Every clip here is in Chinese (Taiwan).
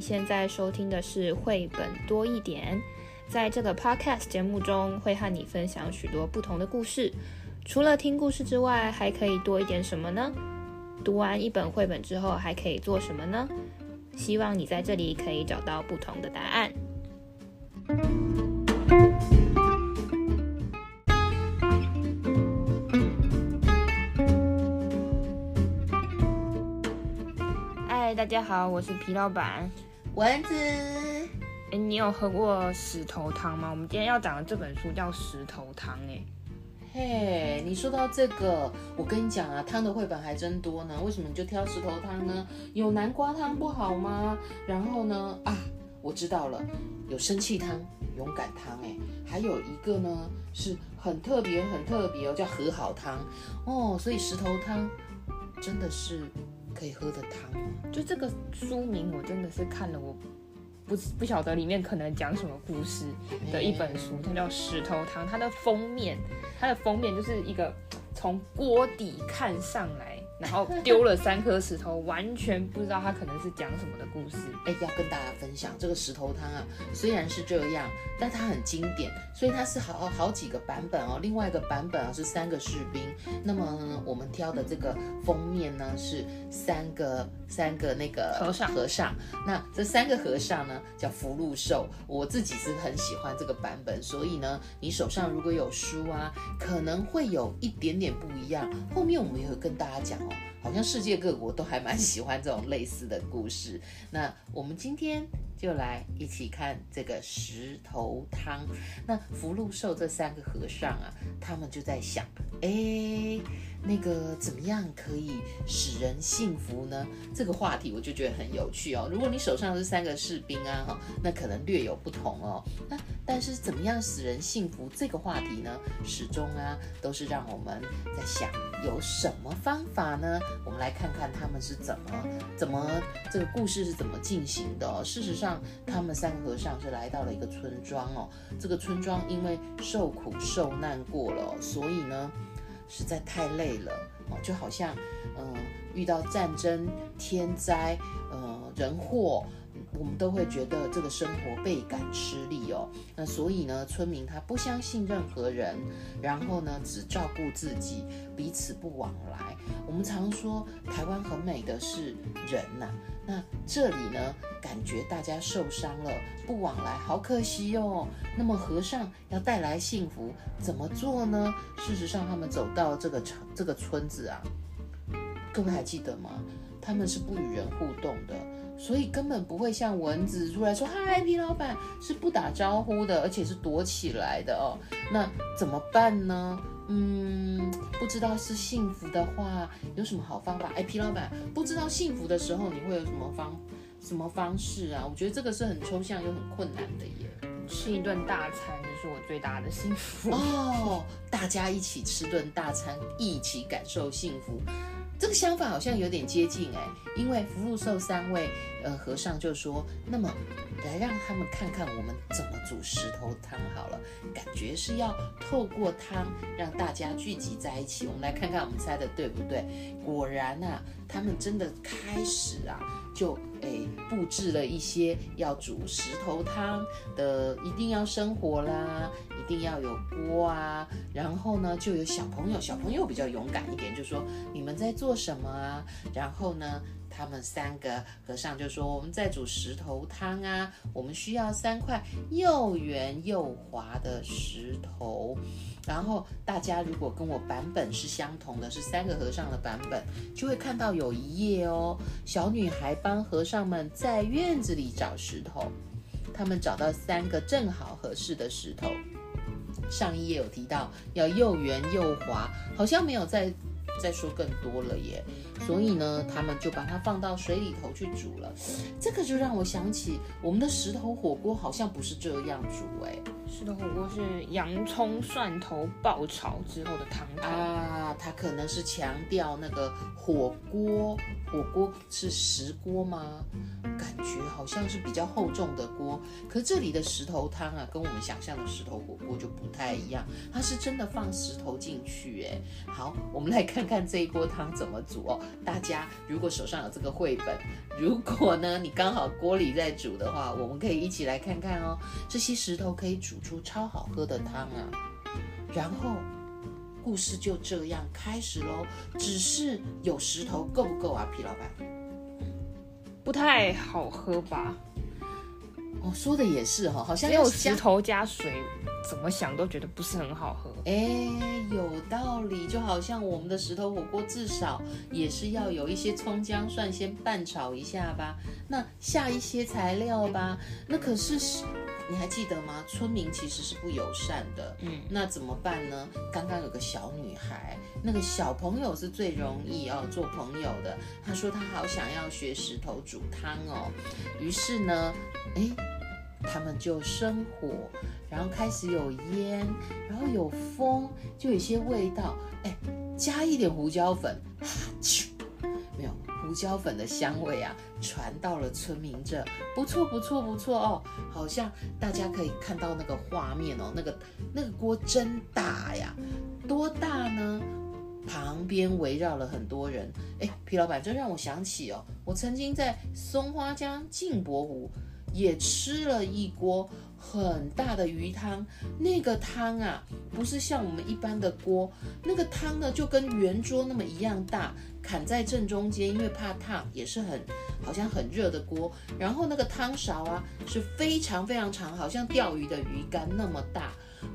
現在收聽的是繪本多一點，在這個 podcast 節目中會和你分享許多不同的故事。除了聽故事之外，還可以多一點什麼呢？讀完一本繪本之後，還可以做什麼呢？希望你在這裡可以找到不同的答案。嗨、哎，大家好，我是皮老闆。丸子，欸，你有喝過石頭湯嗎？我們今天要講的這本書叫石頭湯欸，嘿，hey, 你說到這個，我跟你講啊，湯的繪本還真多呢。為什麼你就挑石頭湯呢？有南瓜湯不好嗎？然後呢，啊，我知道了，有生氣湯、有勇敢湯欸，還有一個呢，是很特別、很特別哦，叫和好湯哦。所以石頭湯真的是。可以喝的湯，就這個書名，我真的是看了，我不不曉得裡面可能講什麼故事的一本書，沒沒沒，它叫《石頭湯》，它的封面，它的封面就是一個從鍋底看上來。然後丟了三顆石頭，完全不知道他可能是講什麼的故事。哎，要跟大家分享這個石頭湯啊，雖然是這樣，但它很經典，所以它是好好幾個版本哦。另外一個版本啊是三個士兵，那麼我們挑的這個封面呢是三個三個那個和尚和尚。那這三個和尚呢叫福祿壽，我自己是很喜歡這個版本，所以呢你手上如果有書啊，可能會有一點點不一樣。後面我們也會跟大家講。好像世界各國都還蠻喜歡這種類似的故事。那我們今天就來一起看這個石頭湯。那福祿壽這三個和尚啊，他們就在想，哎。那個怎麼樣可以使人幸福呢？這個話題我就覺得很有趣哦。如果你手上是三個士兵啊，哈，那可能略有不同哦。那但是怎麼樣使人幸福這個話題呢，始終啊都是讓我們在想有什麼方法呢？我們來看看他們是怎麼怎麼這個故事是怎麼進行的哦。事實上，他們三個和尚是來到了一個村莊哦。這個村莊因為受苦受難過了，所以呢。實在太累了哦，就好像，嗯、呃，遇到戰爭、天災、呃，人禍。我們都會覺得這個生活倍感吃力哦。那所以呢，村民他不相信任何人，然後呢，只照顧自己，彼此不往來。我們常說台灣很美的是人吶、啊，那這裡呢，感覺大家受傷了，不往來，好可惜哦。那麼和尚要帶來幸福，怎麼做呢？事實上，他們走到這個城這個村子啊，各位還記得嗎？他們是不與人互動的。所以根本不會像蚊子，出來說“嗨，皮老板”，是不打招呼的，而且是躲起來的哦。那怎麼辦呢？嗯，不知道是幸福的話，有什麼好方法？哎、欸，皮老板，不知道幸福的時候，你會有什麼方什麼方式啊？我覺得這個是很抽象又很困難的耶。吃一頓大餐就是我最大的幸福哦。大家一起吃頓大餐，一起感受幸福。這個想法好像有點接近哎，因為福祿壽三位呃和尚就說，那麼來讓他們看看我們怎麼煮石頭湯好了，感覺是要透過湯讓大家聚集在一起。我們來看看我們猜的對不對？果然吶、啊，他們真的開始啊，就誒、哎、布置了一些要煮石頭湯的，一定要生火啦。一定要有鍋啊，然後呢，就有小朋友，小朋友比較勇敢一點，就說你們在做什麼啊？然後呢，他們三個和尚就說，我們在煮石頭湯啊，我們需要三塊又圓又滑的石頭。然後大家如果跟我版本是相同的，是三個和尚的版本，就會看到有一頁哦，小女孩幫和尚們在院子裡找石頭，他們找到三個正好合適的石頭。上一頁有提到要又圓又滑，好像沒有再再說更多了耶。所以呢，他們就把它放到水裡頭去煮了。這個就讓我想起我們的石頭火鍋，好像不是這樣煮哎、欸。石頭火鍋是洋蔥蒜頭爆炒之後的湯頭啊，它可能是強調那個火鍋，火鍋是石鍋嗎？感覺好像是比較厚重的鍋。可這裡的石頭湯啊，跟我們想象的石頭火鍋就不太一樣，它是真的放石頭進去誒。好，我們來看看這一鍋湯怎麼煮哦。大家如果手上有這個繪本，如果呢你剛好鍋裡在煮的話，我們可以一起來看看哦。這些石頭可以煮。煮出超好喝的湯啊！然後故事就這樣開始嘍。只是有石頭夠不夠啊，皮老闆？不太好喝吧？哦，說的也是哈、哦，好像沒有石頭加水，怎麼想都覺得不是很好喝。哎，有道理，就好像我們的石頭火鍋，至少也是要有一些蔥薑蒜先拌炒一下吧。那下一些材料吧，那可是你還記得嗎？村民其實是不友善的，嗯，那怎麼辦呢？剛剛有個小女孩，那個小朋友是最容易要、哦、做朋友的。她說她好想要學石頭煮湯哦，於是呢，哎、欸，他們就生火，然後開始有煙，然後有風，就有些味道，哎、欸，加一點胡椒粉，哈、啊、啾。沒有胡椒粉的香味啊，傳到了村民這，不錯不錯不錯哦，好像大家可以看到那個畫面哦，那個那個鍋真大呀，多大呢？旁邊圍繞了很多人，誒，皮老板，真讓我想起哦，我曾經在松花江鏡泊湖也吃了一鍋。很大的魚湯，那個湯啊，不是像我們一般的鍋，那個湯呢就跟圓桌那麼一樣大，砍在正中間，因為怕燙，也是很好像很熱的鍋。然後那個湯勺啊是非常非常長，好像釣魚的魚竿那麼大。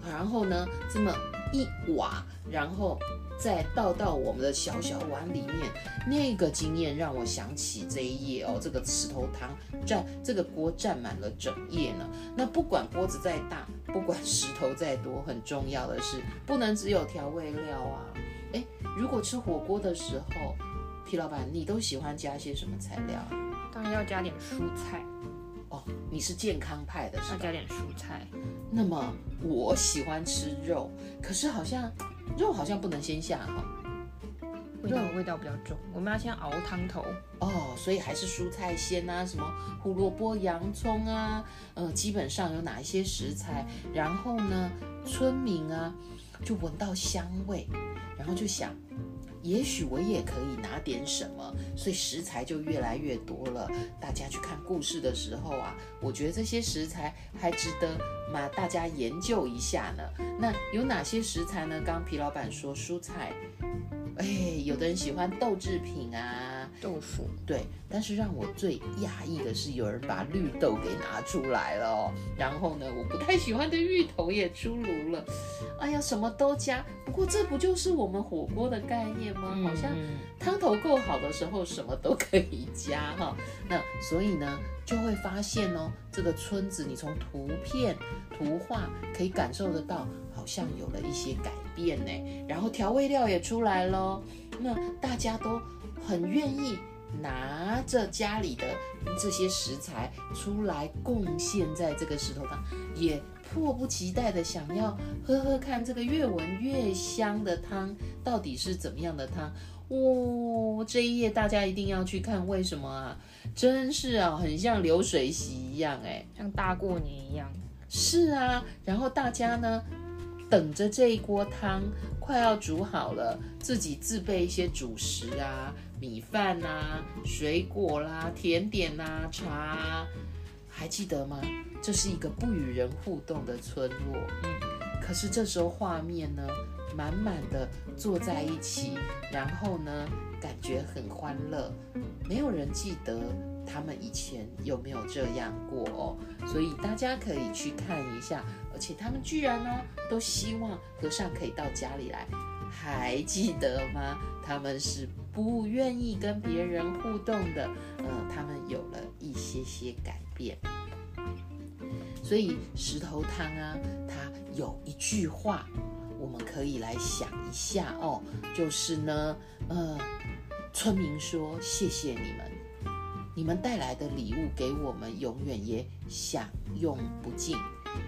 然後呢，這麼。一瓦，然後再倒到我們的小小碗裡面。那個經驗讓我想起這一頁哦，這個石頭湯佔這個鍋佔滿了整頁呢。那不管鍋子再大，不管石頭再多，很重要的是不能只有調味料啊。誒，如果吃火鍋的時候，皮老板你都喜歡加些什麼材料？當然要加點蔬菜。哦，你是健康派的，是吧？要加點蔬菜。那麼我喜歡吃肉，可是好像肉好像不能先下哈，哦、味道肉味道比較重，我們要先熬湯頭。哦，所以還是蔬菜先啊，什麼胡蘿蔔、洋蔥啊，嗯、呃，基本上有哪一些食材，嗯、然後呢，村民啊就聞到香味，然後就想。嗯也許我也可以拿點什麼，所以食材就越來越多了。大家去看故事的時候啊，我覺得這些食材還值得嘛，大家研究一下呢。那有哪些食材呢？剛皮老板說蔬菜，哎，有的人喜歡豆制品啊。豆腐對，但是讓我最訝異的是，有人把綠豆給拿出來了，嗯、然後呢，我不太喜歡的芋頭也出爐了，哎呀，什麼都加，不過這不就是我們火鍋的概念嗎？好像湯頭夠好的時候，什麼都可以加哈、哦。嗯、那所以呢，就會發現哦，這個村子你從圖片圖畫可以感受得到，好像有了一些改變呢。然後調味料也出來咯，那大家都。很願意拿着家裡的這些食材出來貢獻在這個石頭湯，也迫不及待的想要喝喝看這個越聞越香的湯到底是怎麼樣的湯。哇、哦，這一頁大家一定要去看，為什麼啊？真是啊，很像流水席一樣、欸，哎，像大過年一樣。是啊，然後大家呢？等着這一鍋湯快要煮好了，自己自備一些主食啊，米飯啊，水果啦，啊，甜點啊，茶啊，還記得嗎？這是一個不與人互動的村落。嗯，可是這時候畫面呢，滿滿的坐在一起，然後呢，感覺很歡樂，沒有人記得，他們以前有沒有這樣過？哦，所以大家可以去看一下。而且他們居然呢、啊，都希望和尚可以到家裡來，還記得嗎？他們是不願意跟別人互動的。呃，他們有了一些些改變。所以石頭湯啊，它有一句話，我們可以來想一下哦，就是呢，呃，村民說：“謝謝你們。”你們帶來的禮物給我們永遠也享用不盡，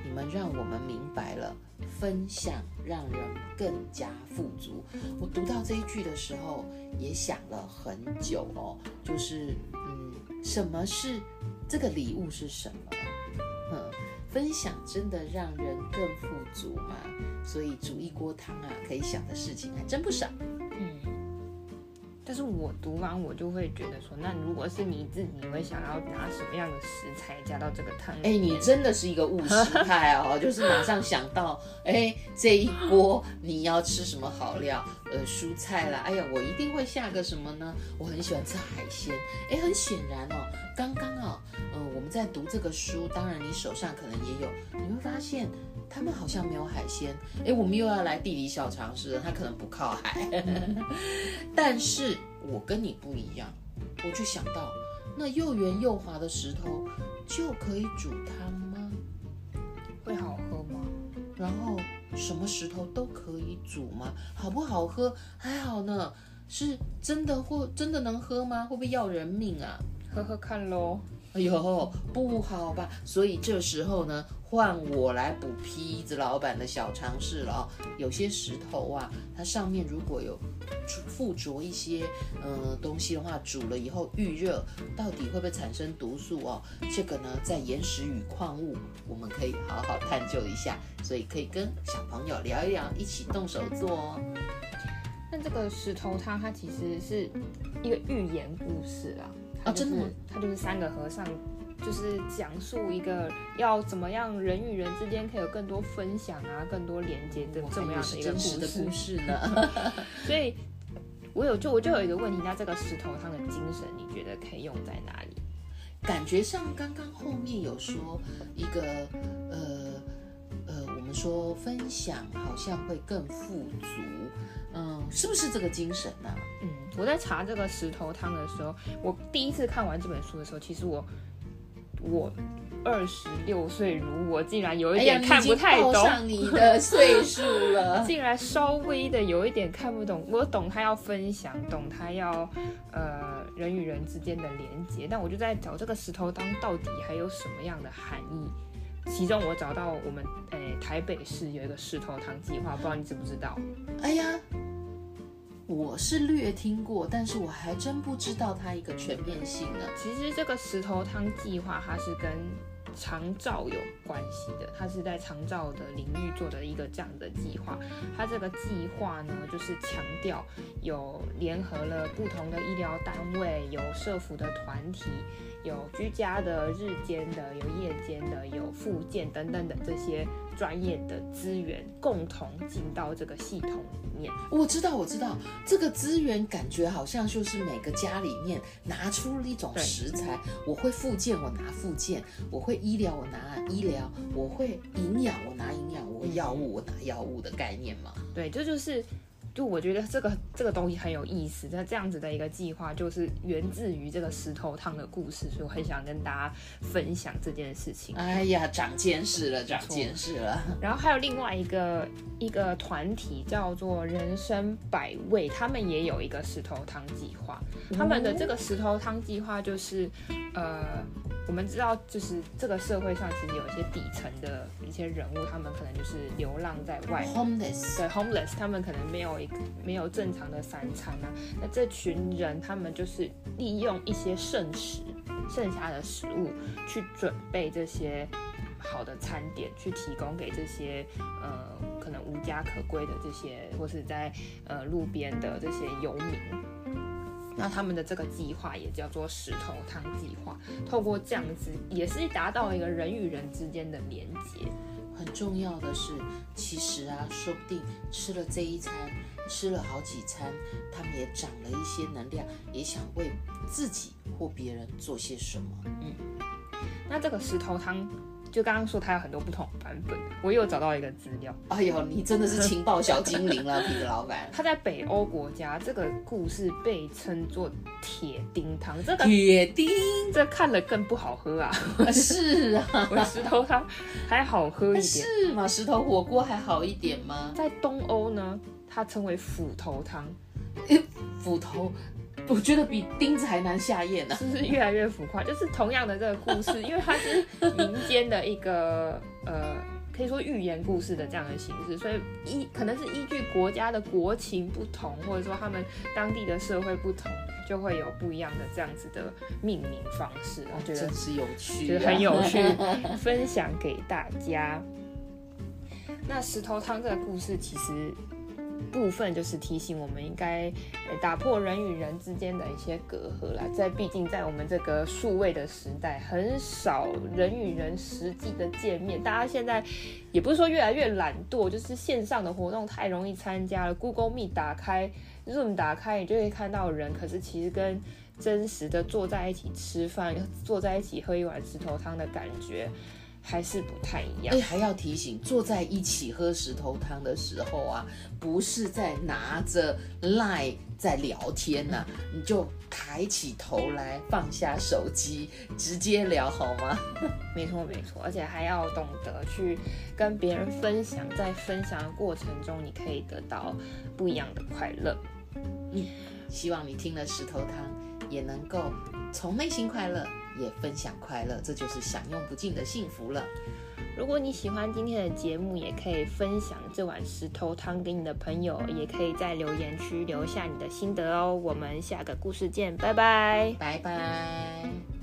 你們讓我們明白了分享讓人更加富足。我讀到這一句的時候也想了很久哦，就是嗯，什麼是這個禮物是什麼？嗯，分享真的讓人更富足嗎？所以煮一鍋湯啊，可以想的事情還真不少。但是我讀完我就會覺得說，那如果是你自己，你會想要拿什麼樣的食材加到這個湯裡面？誒、哎，你真的是一個務實派哦， 就是馬上想到，誒、哎，這一鍋你要吃什麼好料？呃，蔬菜啦，哎呀，我一定會下個什麼呢？我很喜歡吃海鮮。誒、哎，很顯然哦，剛剛啊、哦，嗯，我們在讀這個書，當然你手上可能也有，你會發現。他們好像沒有海鮮誒，我們又要來地理小常識了。他可能不靠海， 但是我跟你不一樣，我就想到，那又圓又滑的石頭就可以煮湯嗎？會好喝嗎？然後什麼石頭都可以煮嗎？好不好喝？還好呢，是真的或真的能喝嗎？會不會要人命啊？喝喝看嘍。哎呦，不好吧？所以這時候呢，換我來補皮子老闆的小嘗試了、哦、有些石頭啊，它上面如果有附着一些嗯、呃、東西的話，煮了以後遇熱，到底會不會產生毒素哦，這個呢，在岩石與礦物，我們可以好好探究一下。所以可以跟小朋友聊一聊，一起動手做哦。那這個石頭湯它它其實是一個寓言故事啊。就是、啊，真的嗎？他就是三個和尚，就是講述一個要怎麼樣人與人之間可以有更多分享啊，更多連接的哇這麼樣的一個故事故事呢。 所以，我有就我就有一個問題，那這個石頭湯的精神，你覺得可以用在哪裡？感覺像剛剛後面有說一個。說分享好像會更富足，嗯，是不是這個精神呢、啊？嗯，我在查這個石頭湯的時候，我第一次看完這本書的時候，其實我我二十六歲如我竟然有一點看不太懂，哎、你，你的歲數了， 竟然稍微的有一點看不懂。我懂他要分享，懂他要呃人與人之間的連接，但我就在找這個石頭湯到底還有什麼樣的含義。其中我找到我們誒、欸，台北市有一個石頭湯計劃，不知道你知不知道？哎呀，我是略聽過，但是我還真不知道它一個全面性呢。其實這個石頭湯計劃，它是跟長照有關係的，它是在長照的領域做的一個這樣的計劃。它這個計劃呢，就是強調有聯合了不同的醫療單位，有社福的團體。有居家的、日間的、有夜間的、有復健等等的這些專業的資源，共同進到這個系統裡面。我知道，我知道、嗯、這個資源感覺好像就是每個家裡面拿出了一種食材，對我會復健，我拿復健；我會醫療，我拿醫療；我會營養，我拿營養；我會藥物，我拿藥物的概念嘛。對，這就是。就我覺得這個這個東西很有意思，那這，這樣子的一個計劃就是源自於這個石頭湯的故事，所以我很想跟大家分享這件事情。哎呀，長見識了，長見識了。然後還有另外一個一個團體叫做人生百味，他們也有一個石頭湯計劃。他們的這個石頭湯計劃就是，呃。我們知道，就是這個社會上其實有一些底層的一些人物，他們可能就是流浪在外面，homeless. 對，homeless，他們可能沒有一個沒有正常的三餐啊。那這群人，他們就是利用一些剩食，剩下的食物去準備這些好的餐點，去提供給這些呃可能無家可歸的這些，或是在呃路邊的這些遊民。那他們的這個計劃也叫做石頭湯計劃，透過這樣子，也是達到一個人與人之間的連接。很重要的是，其實啊，說不定吃了這一餐，吃了好幾餐，他們也長了一些能量，也想為自己或別人做些什麼。嗯，那這個石頭湯。就剛剛說它，有很多不同版本，我又找到一個資料。哎呦，你真的是情報小精靈了， 皮克老闆。它在北歐國家，這個故事被稱作鐵釘湯。這個、鐵釘，這看了更不好喝啊！啊是啊， 我石頭湯還好喝一點。是，是嗎？石頭火鍋還好一點嗎？在東歐呢，它稱為斧頭湯。欸、斧頭。我覺得比釘子還難下嚥呢、嗯，是不是越來越浮誇？就是同樣的這個故事，因為它是民間的一個呃，可以說寓言故事的這樣的形式，所以依可能是依據國家的國情不同，或者說他們當地的社會不同，就會有不一樣的這樣子的命名方式。我覺得真是有趣、啊，就是很有趣， 分享給大家。那石頭湯這個故事其實。部分就是提醒我們應該，打破人與人之間的一些隔閡啦。在畢竟在我們這個數位的時代，很少人與人實際的見面。大家現在也不是說越來越懶惰，就是線上的活動太容易參加了。Google Meet 打開 ，Zoom 打開，你就可以看到人。可是其實跟真實的坐在一起吃飯、坐在一起喝一碗石頭湯的感覺。還是不太一樣。所以、哎、還要提醒，坐在一起喝石頭湯的時候啊，不是在拿着 LINE 在聊天吶、啊，嗯、你就抬起頭來，放下手機，直接聊好嗎？沒錯，沒錯，而且還要懂得去跟別人分享，在分享的過程中，你可以得到不一樣的快樂。嗯，希望你聽了石頭湯，也能夠從內心快樂。也分享快樂，這就是享用不盡的幸福了。如果你喜歡今天的節目，也可以分享這碗石頭湯給你的朋友，也可以在留言區留下你的心得哦。我們下個故事見，拜拜，拜拜。